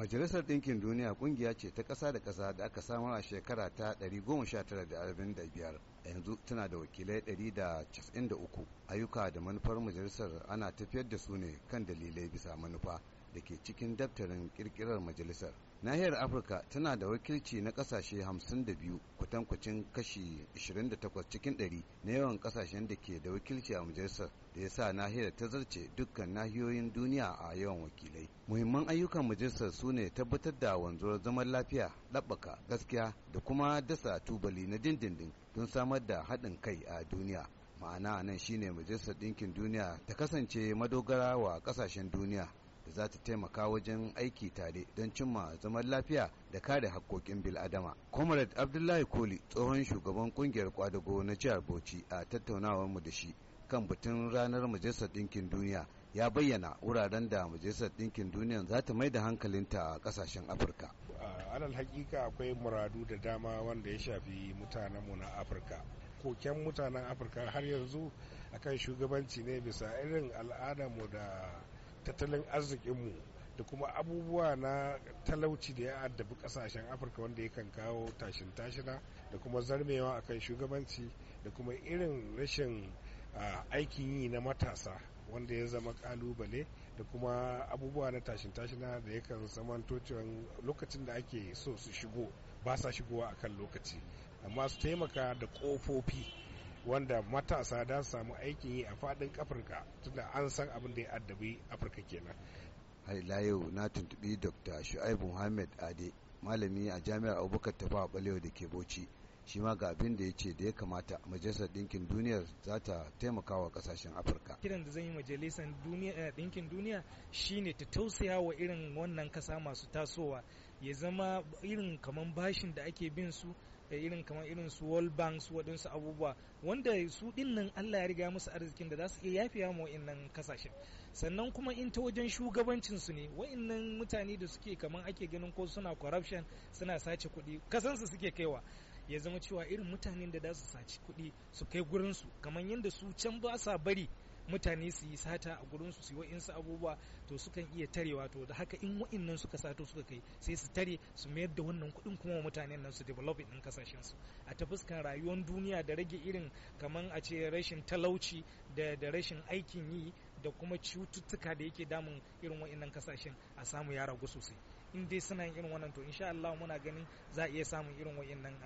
majalisar ɗinkin duniya ƙungiya ce ta ƙasa da ƙasa da aka samar a shekara ta 1945 yanzu tana da wakilai 193 ayyuka da manufar majalisar ana tafiyar da su ne kan dalilai bisa manufa da ke cikin daftarin kirkirar majalisar nahiyar afirka tana da wakilci na kasashe 52 kwatankwacin kashi 28 cikin 100 na yawan kasashen da ke da wakilci a majalisar da ya sa nahiyar ta zarce dukkan nahiyoyin duniya a yawan wakilai muhimman ayyukan majalisar su ne tabbatar da wanzuwar zaman lafiya dabbaka, gaskiya da kuma dasa tubali na dindindin don samar da haɗin kai a duniya ma'ana nan shine majalisar ɗinkin duniya ta kasance madogara wa kasashen duniya zata za ta taimaka wajen aiki tare don cimma zaman lafiya da kare hakkokin bil'adama. comrade abdullahi koli tsohon shugaban kungiyar kwadago na jihar bauchi a tattaunawarmu da shi kan batun ranar majalisar ɗinkin duniya ya bayyana wuraren da majalisar ɗinkin duniya za ta mai da hankalinta a kasashen afirka alal hakika akwai muradu da dama wanda ya shafi mutanenmu na afirka koken mutanen afirka har yanzu akan shugabanci ne bisa irin al'adarmu da tattalin arzikinmu da kuma abubuwa na talauci da ya addabi kasashen afirka wanda yakan kawo tashin tashina da kuma zarmewa akan shugabanci da kuma irin rashin aikin yi na matasa wanda ya zama kalubale da kuma abubuwa na tashin tashina da yakan zamanto cewa lokacin da ake so su shigo ba sa shigowa akan lokaci amma su taimaka da kofofi wanda matasa da su samu aikin yi a fadin afirka tunda an san abin da ya addabi afirka kenan har ila na tuntubi dr shu'aibu muhammad ade malami a jami'ar abubakar a balewa da ke bauchi shi ma ga abin da ya ce da ya kamata majalisar ɗinkin duniya za ta taimaka wa ƙasashen afirka kiran da zan yi majalisar eh, ɗinkin duniya shine ta tausaya wa irin wannan kasa masu tasowa ya zama irin kamar bashin da ake bin su da irin kamar irin su world bank su waɗansu abubuwa wanda su dinnan allah ya riga musu arzikin da za su iya yafiya ma wa'innan kasashen sannan kuma in ta wajen shugabancin su ne wa'innan mutane da suke kamar ake ganin ko suna corruption suna sace kuɗi kasansu suke kaiwa ya zama cewa irin mutanen da za su sace kuɗi su kai gurin su kamar yadda su can ba sa bari mutane su yi sata a gurin su yi su abubuwa to sukan iya tarewa to da haka in wa'innan suka sato suka kai sai su tare su mayar da wannan kuɗin kuma wa mutane nan su develop din kasashen su a ta fuskan rayuwar duniya da rage irin kaman a ce rashin talauci da da rashin aikin yi da kuma cututtuka da yake damun irin wa'innan kasashen a samu yara ragu sosai in dai suna yin irin wannan to insha Allah muna ganin za a iya samun irin wa'innan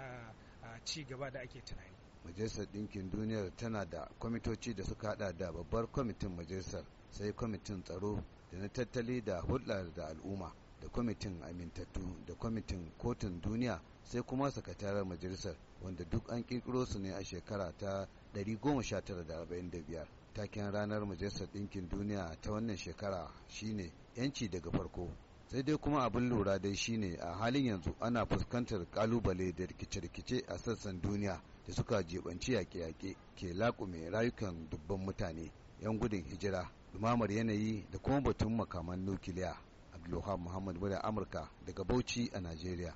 ci gaba da ake tunani majalisar ɗinkin duniyar tana da kwamitoci da suka hada da babbar kwamitin majalisar sai kwamitin tsaro da na tattali da hulɗar da al'umma da kwamitin amintattu da kwamitin kotun duniya sai kuma sakataren majalisar wanda duk an kirkiro su ne a shekara ta 1945 taken ranar majalisar ɗinkin duniya ta wannan shekara shine 'yanci daga farko sai dai kuma abin lura dai shine a halin yanzu ana fuskantar kalubale da rikice-rikice a sassan duniya da suka jebanci yaƙe-yaƙe ke laƙume rayukan dubban mutane 'yan gudun hijira dumamar yanayi da kuma batun makaman nukiliya abdulluhan muhammad wadda amurka daga bauchi a najeriya